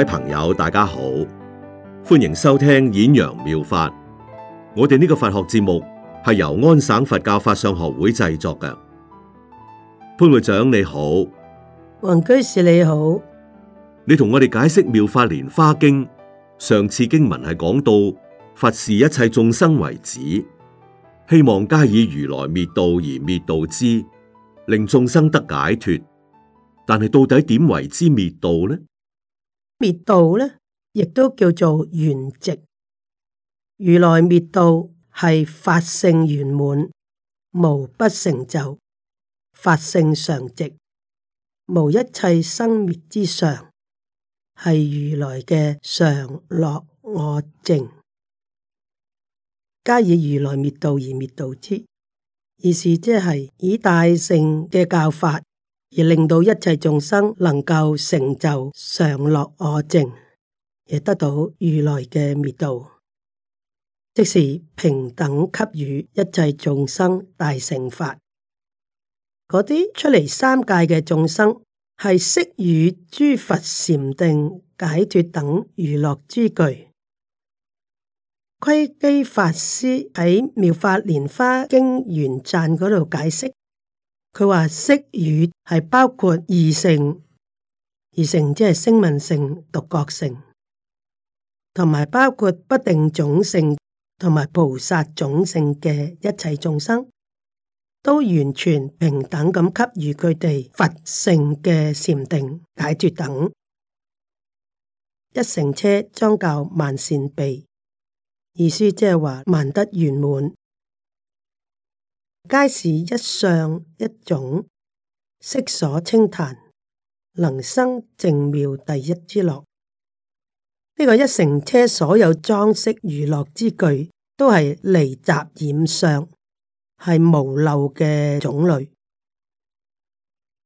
各位朋友，大家好，歡迎收聽演揚妙，妙法。我哋呢個佛學節目係由安省佛教法相學會製作嘅。潘會長你好，黃居士，你好，你同我哋解釋妙法蓮花經上次經文係講到佛視一切眾生為子，希望皆以如來滅度而滅度之，令眾生得解脫。但係到底點為之滅度呢？滅度呢，亦都叫做圓寂。如來滅度係法性圓滿，無不成就，法性常寂，無一切生滅之常，係如來嘅常樂我淨，皆以如來滅度而滅度之，而、就是即係以大乘嘅教法。而令到一切眾生能夠成就常樂我淨，亦得到如來嘅滅度。即是平等給予一切眾生大乘法。嗰啲出嚟三界嘅眾生，係悉與諸佛禪定解脱等娛樂之具。窺基法師喺妙法蓮花經玄贊嗰度解釋。佢話色語係包括二性，二性即係聲聞性、獨覺性，同埋包括不定種性、同埋菩薩種性嘅一切眾生，都完全平等咁給予佢哋佛性嘅禪定、解脫等。一乘車將教萬善備，意思即係話萬德圓滿。皆是一相一種，聖所稱歎，能生淨妙第一之樂。呢、這個一乘車所有裝飾娛樂之具，都係離雜染相，係無漏嘅種類。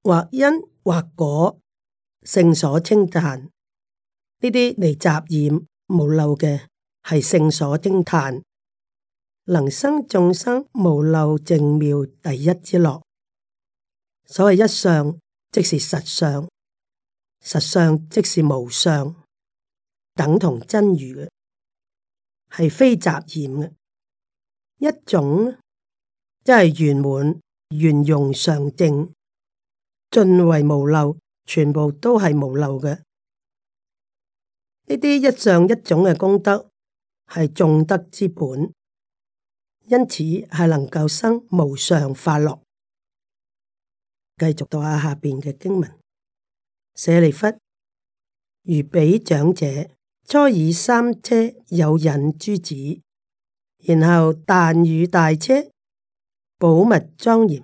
或因或果，聖所稱歎。呢啲離雜染無漏嘅，係聖所稱歎。能生眾生無漏淨妙第一之樂。所謂「一相」，即是「實相」；「實相」，即是「無相」。等同真如嘅係非雜染嘅一種即圓滿，即係圓滿圓融常淨，盡為無漏，全部都係無漏嘅。呢啲「一相」一種嘅功德，係眾德之本。因此係能夠生無常法樂。繼續讀下下邊嘅經文：舍利弗，如彼長者初以三車誘引諸子，然後但與大車，寶物莊嚴，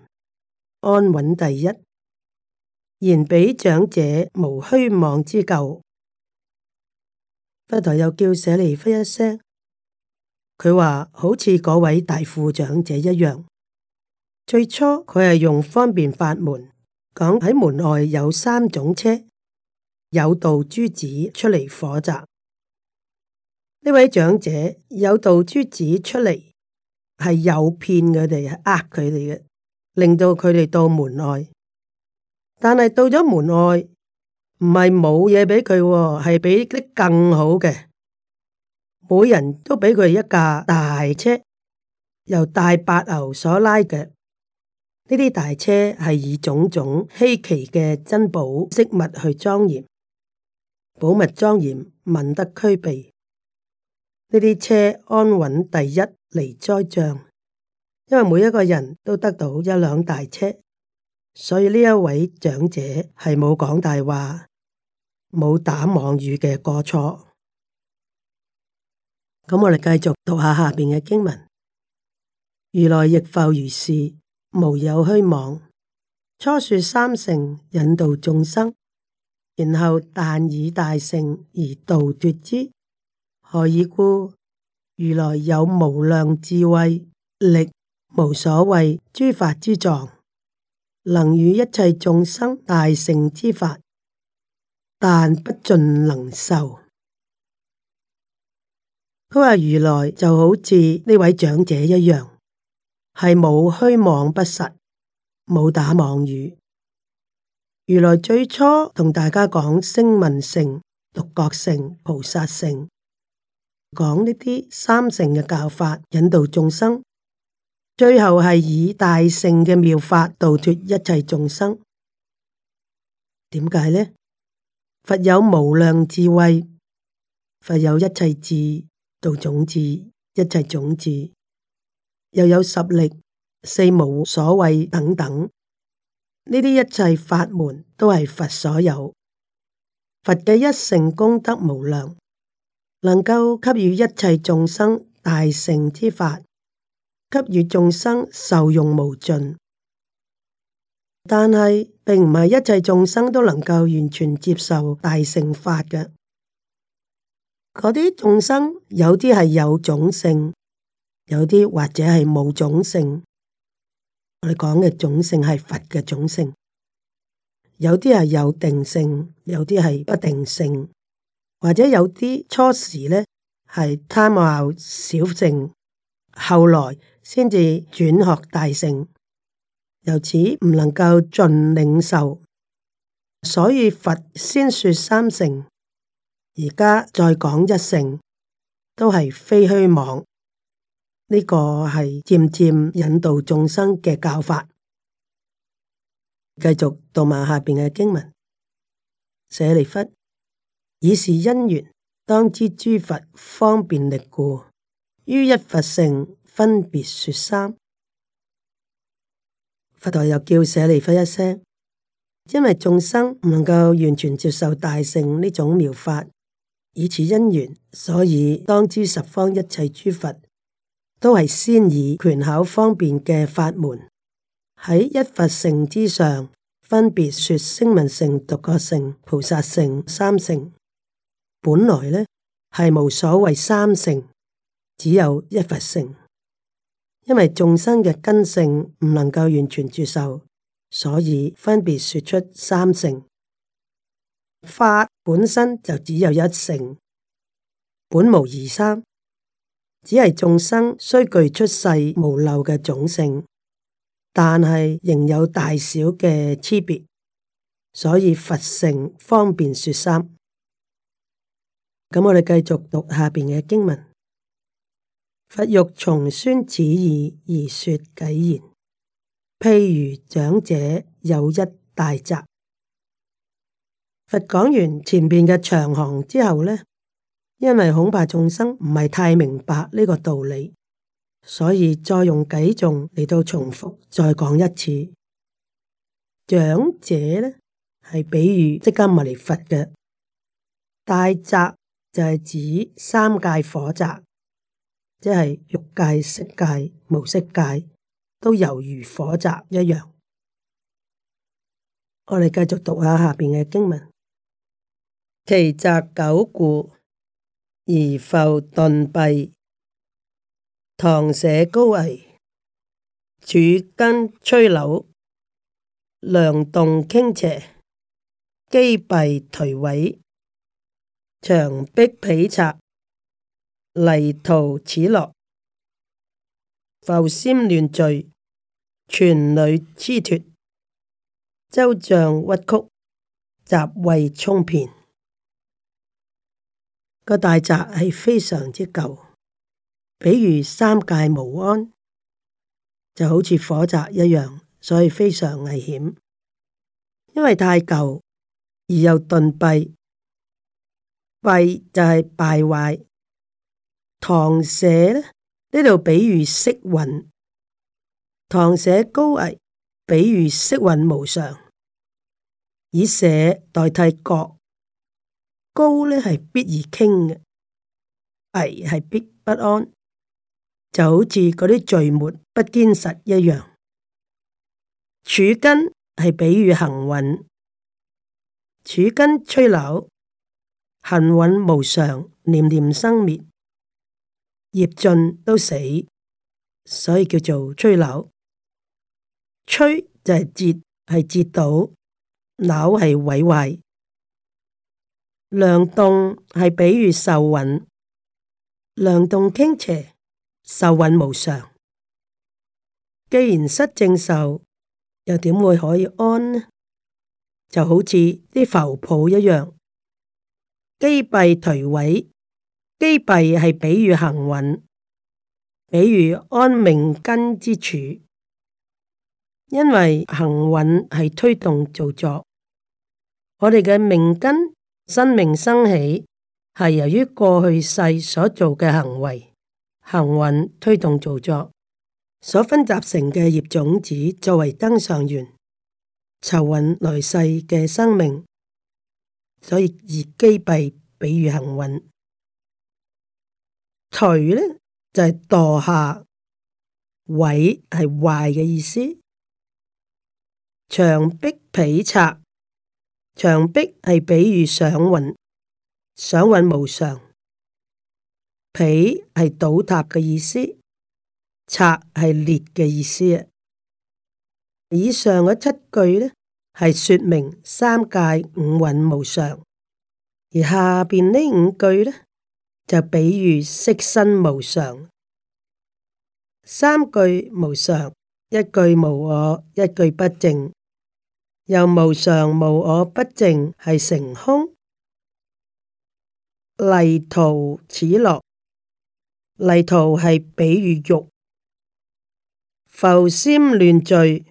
安穩第一。然彼長者無虛妄之咎。佛陀又叫舍利弗一聲。佢話好似嗰位大富長者一樣，最初佢係用方便法門講喺門外有三種車，有道諸子出嚟火宅。呢位長者有道諸子出嚟係誘騙佢哋，呃佢哋嘅，令到佢哋到門外。但係到咗門外，唔係冇嘢畀佢，係畀啲更好嘅。每人都畀佢一架大車，由大白牛所拉嘅。呢啲大車係以種種稀奇嘅珍寶飾物去莊嚴，寶物莊嚴，民得俱備。呢啲車安穩第一，離災障。因為每一個人都得到一輛大車，所以呢一位長者係冇講大話、冇打妄語嘅過錯。咁我哋繼續讀下下邊嘅經文。如來亦復如是，無有虛妄。初說三乘引導眾生，然後但以大乘而度奪之。何以故？如來有無量智慧力，無所謂諸法之狀，能與一切眾生大乘之法，但不盡能受。佢話：如來就好似呢位長者一樣，係冇虛妄不實，冇打妄語。如來最初同大家講聲聞乘、獨覺乘、菩薩乘，講呢啲三乘嘅教法，引導眾生。最後係以大乘嘅妙法度脱一切眾生。點解呢？佛有無量智慧，佛有一切智。道種子，一切種子，又有十力、四無所畏等等，呢啲一切法門都係佛所有。佛嘅一成乘功德無量，能夠給予一切眾生大成乘之法，給予眾生受用無盡。但係並唔係一切眾生都能夠完全接受大成乘法嘅。嗰啲眾生有啲係有種性，有啲或者係冇種性。我哋講嘅種性係佛嘅種性，有啲係有定性，有啲係不定性，或者有啲初時呢係貪慕小乘，後來先至轉學大乘，由此唔能夠盡領受，所以佛先說三乘。而家再講一乘，都係非虛妄。呢、這個係漸漸引導眾生嘅教法。繼續讀埋下邊嘅經文：舍利弗，以是因緣，當知諸佛方便力故，於一佛乘分別說三。佛陀又叫舍利弗一聲，因為眾生唔能夠完全接受大乘呢種妙法。以此因緣，所以當知十方一切諸佛都係先以權巧方便嘅法門，喺一佛性之上，分別說聲聞性、獨覺性、菩薩性、三性。本來呢係無所謂三性，只有一佛性。因為眾生嘅根性唔能夠完全接受，所以分別說出三性。法本身就只有一乘，本無二三。只係眾生雖具出世無漏嘅種性，但係仍有大小嘅區別，所以佛性方便說三。咁我哋繼續讀下邊嘅經文：佛欲重宣此義而說偈言，譬如長者有一大宅。佛講完前邊嘅長行之後呢，因為恐怕眾生唔係太明白呢個道理，所以再用偈頌嚟到重複再講一次。長者呢，係比喻即刻嚟佛嘅大宅就係指三界火宅，即係欲界、色界、無色界都猶如火宅一樣。我哋繼續讀下下邊嘅經文。其宅久故，而浮頓弊；堂舍高危，柱根摧朽，梁棟傾斜，基陛頹毀，牆壁圮坼，泥塗褫落，覆苫亂墜，椽梠差脫，周障屈曲，雜穢充遍。個大宅係非常之舊，比如三界無安，就好似火宅一樣，所以非常危險，因為太舊而又頓弊，弊就係敗壞。堂舍呢？呢度比如色蘊，堂舍高危，比如色蘊無常，以舍代替國。高呢係必而傾嘅，危係必不安，就好似嗰啲聚沫不堅實一樣。柱根係比喻行運，柱根吹柳，行運無常，念念生滅，業盡都死，所以叫做吹流。吹就係折，係折到，流係毀壞。梁棟係比喻受蘊，梁棟傾斜，受蘊無常。既然失正受，又點會可以安呢？就好似啲浮泡一樣，基陛頹毀，基陛係比喻行蘊，比喻安命根之處，因為行蘊係推動造作，我哋嘅命根。生命生起係由於過去世所做嘅行為行蘊推動造作，所分集成嘅業種子作為增上緣，籌運來世嘅生命，所以業機閉，比喻行蘊。除呢，就係、是、墮下，毀，係壞嘅意思，牆壁圮坼。牆壁係比喻想運想運無常，被係倒塌嘅意思，拆係裂嘅意思。以上嗰七句呢係說明三界五運無常，而下邊呢五句呢，就比喻色身無常。三句無常，一句無我，一句不正。又無常無我不淨，係成空。泥塗褫落，泥塗係比喻肉。覆苫亂墜，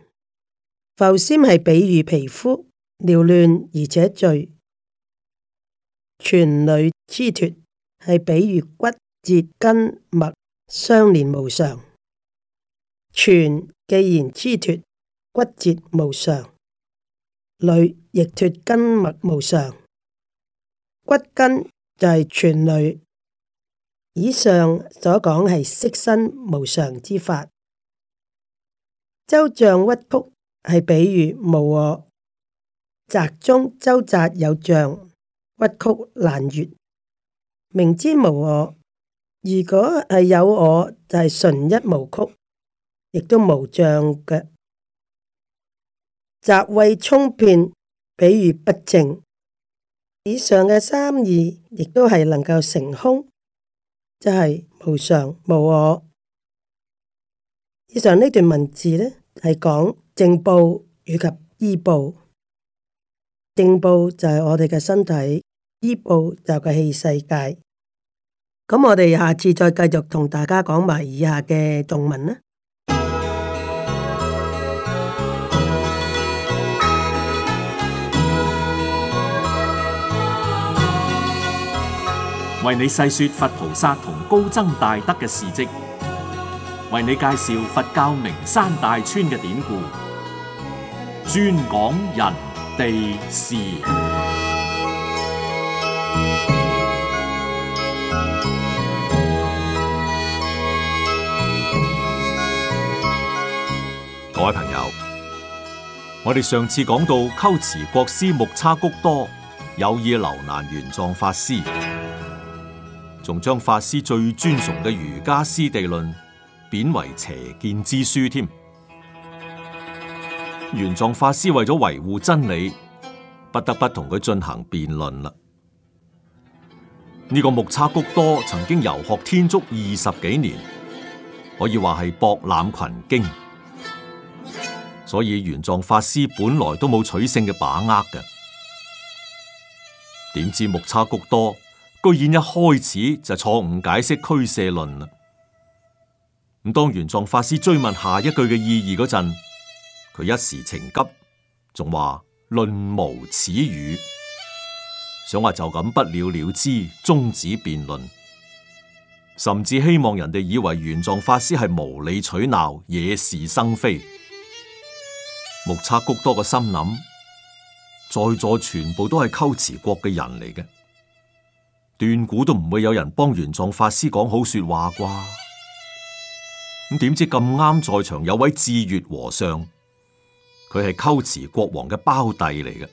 覆苫係比喻皮膚繚亂而且墜。椽梠差脫係比喻骨節筋脈相連無常，椽既然差脫，骨節無常。累亦脫根物無常，骨根就係全累。以上所講係色身無常之法。周障屈曲係比喻無我。宅中周宅有障屈曲難越，明知無我。如果係有我，就係、是、純一無曲，亦都無障嘅。雜穢充遍，比如不淨。以上嘅三義亦都係能夠成空，即係無常無我。以上呢段文字呢，係講正報以及依報。正報就係我哋嘅身體，依報就係器世界。咁我哋下次再繼續同大家講埋以下嘅眾文啦。為你細說佛菩薩同高僧大德嘅事迹，為你介紹佛教名山大川嘅典故，專講人地事。各位朋友，我哋上次講到龜茲國師木叉谷多有意留難玄奘法師。仲將法師最尊崇嘅瑜伽師地論貶為邪見之書添。玄奘法師為咗維護真理，不得不同佢進行辯論啦。呢、這個木叉谷多曾經遊學天竺二十幾年，可以話係博覽群經，所以玄奘法師本來都冇取勝嘅把握嘅。點知木叉谷多，居然一開始就錯誤解釋俱舍論啦！咁當玄奘法師追問下一句嘅意義嗰陣，佢一時情急，仲話論無此語，想話就咁不了了之，終止辯論，甚至希望人哋以為玄奘法師係無理取鬧、惹是生非。木叉毱多個心諗，在座全部都係龜茲國嘅人嚟嘅。斷估都唔會有人幫玄奘法師講好說話啩，咁點知咁啱在場有位智月和尚，佢係龜茲國王嘅胞弟嚟嘅，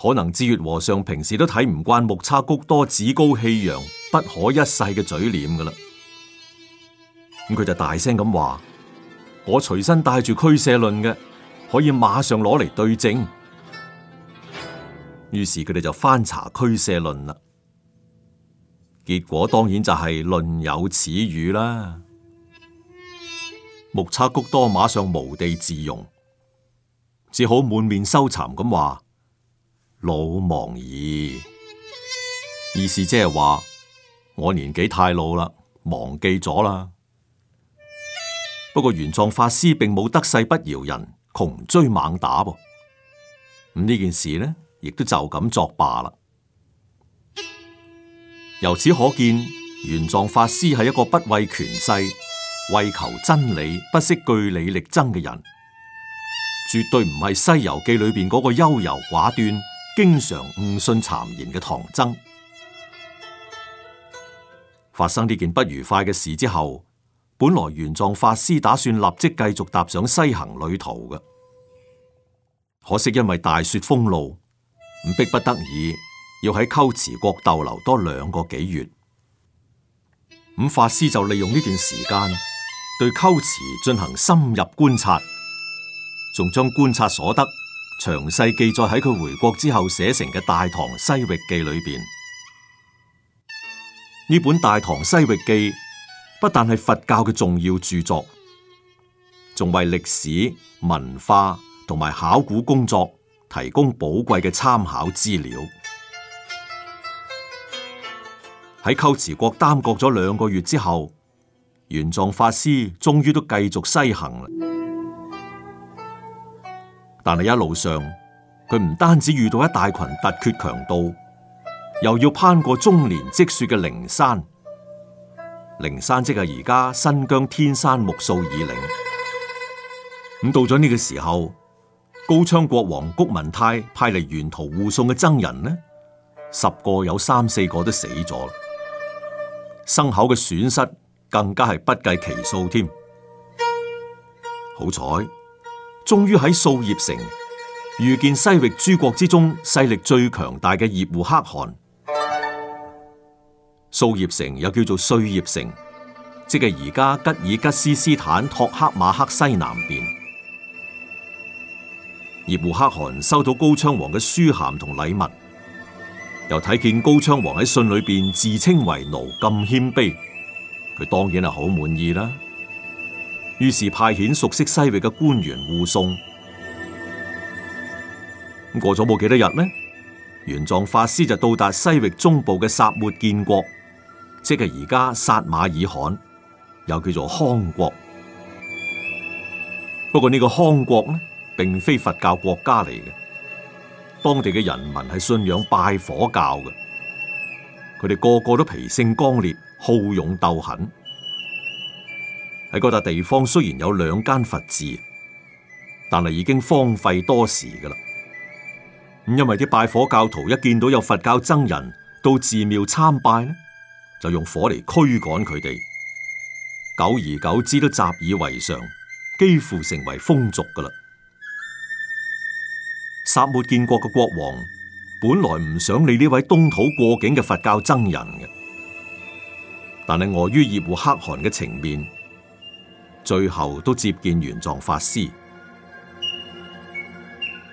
可能智月和尚平時都睇唔慣木叉谷多趾高氣揚、不可一世嘅嘴臉噶啦，咁佢就大聲咁話：我隨身帶住俱舍論嘅，可以馬上攞嚟對證。於是佢哋就翻查《俱舍論》啦，結果當然就係論有此語啦。木叉毱多馬上無地自容，只好滿面羞慚咁話老忘矣，意思即係話我年紀太老啦，忘記咗啦。不過玄奘法師並冇得勢不饒人，窮追猛打噃。咁呢件事呢？.亦都就咁作罷啦。由此可見，玄奘法師係一個不畏權勢、為求真理、不惜據理力爭嘅人，絕對唔係《西遊記》裏邊嗰個優柔寡斷、經常誤信讒言嘅唐僧。發生呢件不愉快嘅事之後，本來玄奘法師打算立即繼續踏上西行旅途嘅，可惜因為大雪封路。唔逼不得已，要喺龜茲國逗留多兩個幾月。咁法師就利用呢段時間，對龜茲進行深入觀察，仲將觀察所得詳細記載喺佢回國之後寫成嘅《大唐西域記》裏邊。呢本《大唐西域記》不但係佛教嘅重要著作，仲為歷史、文化同埋考古工作。提供寶貴嘅參考資料。喺龜茲國耽擱咗兩個月之後，玄奘法師終於都繼續西行啦。但係一路上，佢唔單止遇到一大群突厥強盜，又要攀過終年積雪嘅靈山。靈山即係而家新疆天山木素爾嶺。咁到咗呢個時候。高昌國王谷文泰派嚟沿途護送嘅僧人呢，十個有三四個都死咗。牲口嘅損失更加係不計其數添。好彩，終於喺素葉城遇見西域諸國之中勢力最強大嘅葉護黑汗。素葉城又叫做碎葉城，即係而家吉爾吉斯斯坦托克馬克西南邊。葉護可汗收到高昌王嘅書函同禮物，又睇見高昌王喺信裏邊自稱為奴，咁謙卑，佢當然係好滿意啦。於是派遣熟悉西域嘅官員護送。咁過咗冇幾多日呢，玄奘法師就到達西域中部嘅颯秣建國，即係而家薩馬爾罕，又叫做康國。不過呢個康國咧。並非佛教國家嚟嘅，當地嘅人民係信仰拜火教嘅，佢哋個個都脾性剛烈、好勇鬥狠。喺嗰笪地方雖然有兩間佛寺，但係已經荒廢多時噶啦。咁因為啲拜火教徒一見到有佛教僧人到寺廟參拜呢，就用火嚟驅趕佢哋，久而久之都習以為常，幾乎成為風俗噶啦。颯秣建國嘅國王本來唔想理呢位東土過境嘅佛教僧人嘅，但係礙於葉護可汗嘅情面，最後都接見玄奘法師。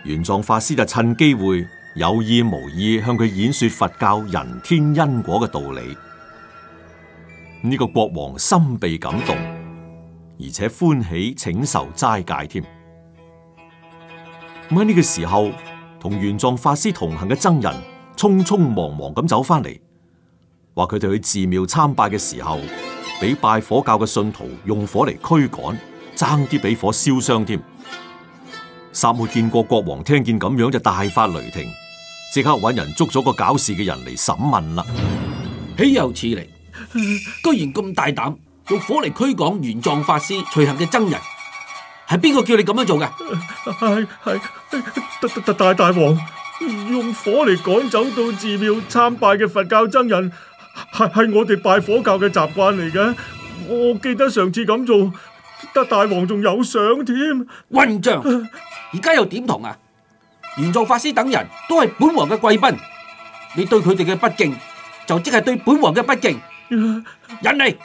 玄奘法師就趁機會有意無意向佢演說佛教人天因果嘅道理。呢個國王心被感動，而且歡喜請受齋戒添。喺呢個時候，同玄奘法師同行嘅僧人匆匆忙忙咁走返嚟，話佢哋去寺廟參拜嘅時候，俾拜火教嘅信徒用火嚟驅趕，爭啲俾火燒傷添。颯秣建國國王，聽見咁樣就大發雷霆，即刻揾人捉咗個搞事嘅人嚟審問啦。豈有此理！嗯、居然咁大膽，用火嚟驅趕玄奘法師隨行嘅僧人。係邊個叫你咁樣做嘅？係係特特特大大王用火嚟趕走到寺廟參拜嘅佛教僧人，係係我哋拜火教嘅習慣嚟嘅。我記得上次咁做，得大王仲有賞添。混帳，而家又點同啊？玄奘法師等人都係本王嘅貴賓，你對佢哋嘅不敬，就即係對本王嘅不敬。人嚟。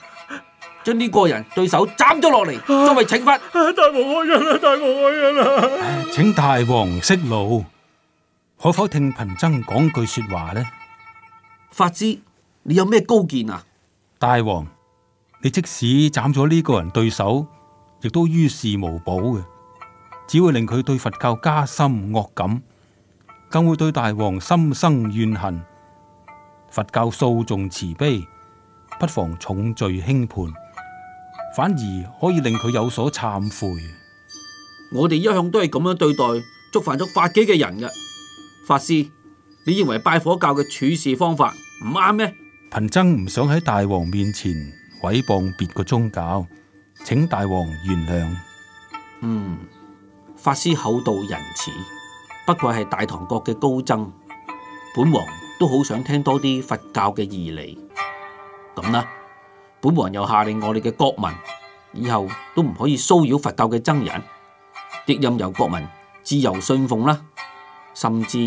將呢個人對手斬咗落嚟，作為懲罰。大王開恩啦，大王開恩啦！請大王息怒，可否聽貧僧講句說話呢？法師，你有咩高見啊？大王，你即使斬咗呢個人對手，亦都於事無補嘅，只會令佢對佛教加深惡感，更會對大王心生怨恨。佛教素重慈悲，不妨重罪輕判。反而可以令佢有所懺悔。我哋一向都係咁樣對待觸犯咗法紀嘅人嘅。法師，你認為拜火教嘅處事方法唔啱咩？貧僧唔想喺大王面前毀謗別個宗教，請大王原諒。嗯，法師厚道仁慈，不愧係大唐國嘅高僧。本王都好想聽多啲佛教嘅義理。咁啦。本王又下令我哋嘅國民以後都唔可以騷擾佛教嘅僧人，亦任由國民自由信奉啦，甚至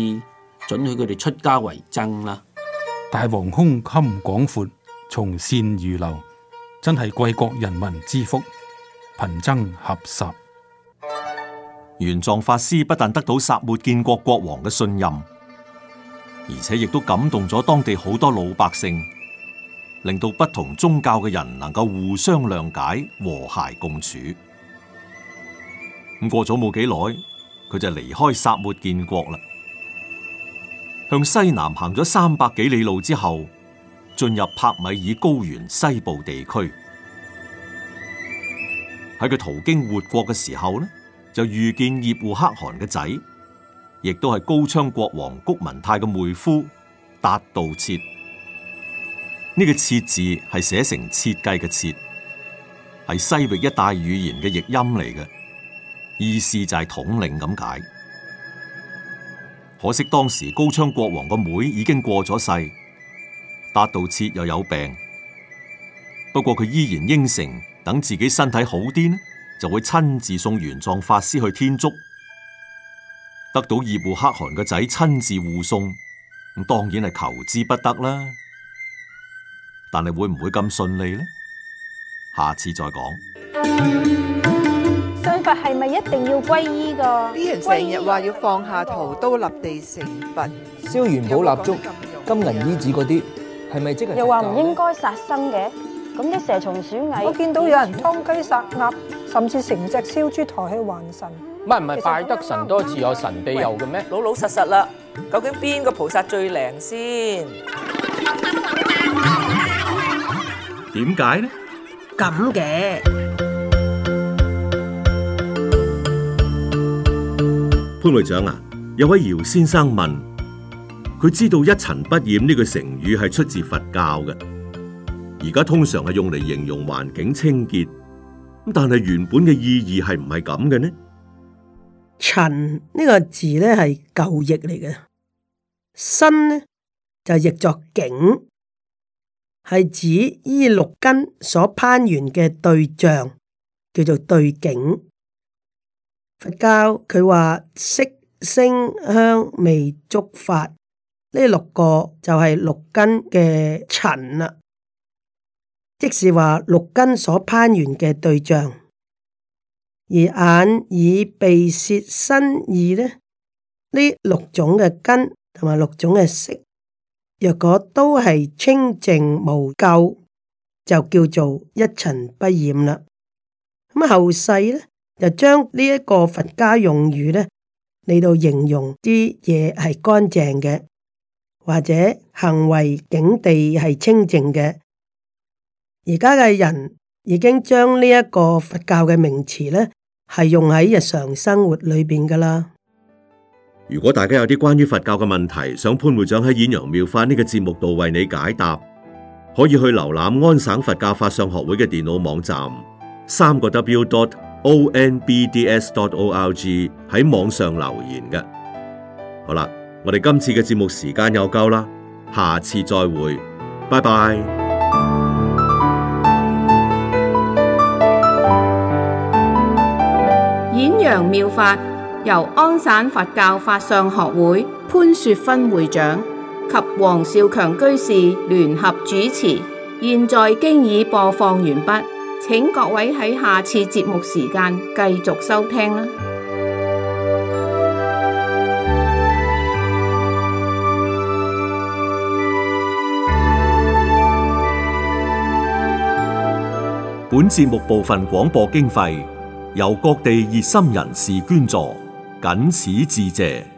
准許佢哋出家為僧啦。大王胸襟廣闊，從善如流，真係貴國人民之福。貧僧合十。玄奘法師不但得到颯秣建國國王嘅信任，而且亦都感動咗當地好多老百姓。令到不同宗教嘅人能夠互相諒解、和諧共處。咁過咗冇幾耐，佢就離開颯秣建國啦。向西南行咗三百幾里路之後，進入帕米爾高原西部地區。喺佢途經活國嘅時候呢，就遇見葉護可汗嘅仔，亦都係高昌國王麴文泰嘅妹夫達道設。呢、這個設字係寫成設計嘅設，係西域一帶語言嘅譯音嚟嘅，意思就係統領咁解。可惜當時高昌國王個妹，妹已經過咗世，達道設又有病，不過佢依然應承，等自己身體好啲就會親自送玄奘法師去天竺。得到葉護黑汗嘅仔親自護送，咁當然係求之不得啦。但係會唔會咁順利咧？下次再講。信佛係咪一定要皈依噶？啲人成日話要放下屠刀立地成佛，燒元寶蠟燭、金銀衣紙嗰啲，係咪即係？又話唔應該殺生嘅，咁啲蛇蟲鼠蟻，我見到有人劏雞殺鴨，甚至成隻燒豬抬去還神。唔係唔係，拜得神多自有神庇佑嘅咩？老老實實啦，究竟邊個菩薩最靈先？點解呢？咁嘅，潘隊長啊，有位姚先生問，佢知道一塵不染呢句成語係出自佛教嘅，而家通常係用嚟形容環境清潔，咁但係原本嘅意義係唔係咁嘅呢？塵呢個字咧係舊譯嚟嘅，新咧就譯作境。係指依六根所攀緣嘅對象，叫做對境。佛教佢話色聲香味觸法呢六個就係六根嘅塵啦，即是話六根所攀緣嘅對象。而眼耳鼻舌身意呢呢六種嘅根同埋六種嘅色。若果都係清淨無垢，就叫做一塵不染啦。咁啊，後世呢，就將呢一個佛家用語呢嚟到形容啲嘢係乾淨嘅，或者行為境地係清淨嘅。而家嘅人已經將呢一個佛教嘅名詞呢，係用喺日常生活裏邊噶啦。如果大家有啲關於佛教嘅問題，想潘會長喺《演陽妙法》呢、這個節目度為你解答，可以去瀏覽安省佛教法相學會嘅電腦網站，三個 w.dot.o.n.b.d.s.dot.o.l.g 喺網上留言嘅。好啦，我哋今次嘅節目時間又夠啦，下次再會，拜拜。演陽妙法。由安省佛教法相學會潘雪芬會長及黃少強居士聯合主持，現在經已播放完畢，請各位喺下次節目時間繼續收聽啦。本節目部分廣播經費由各地熱心人士捐助。僅此致謝。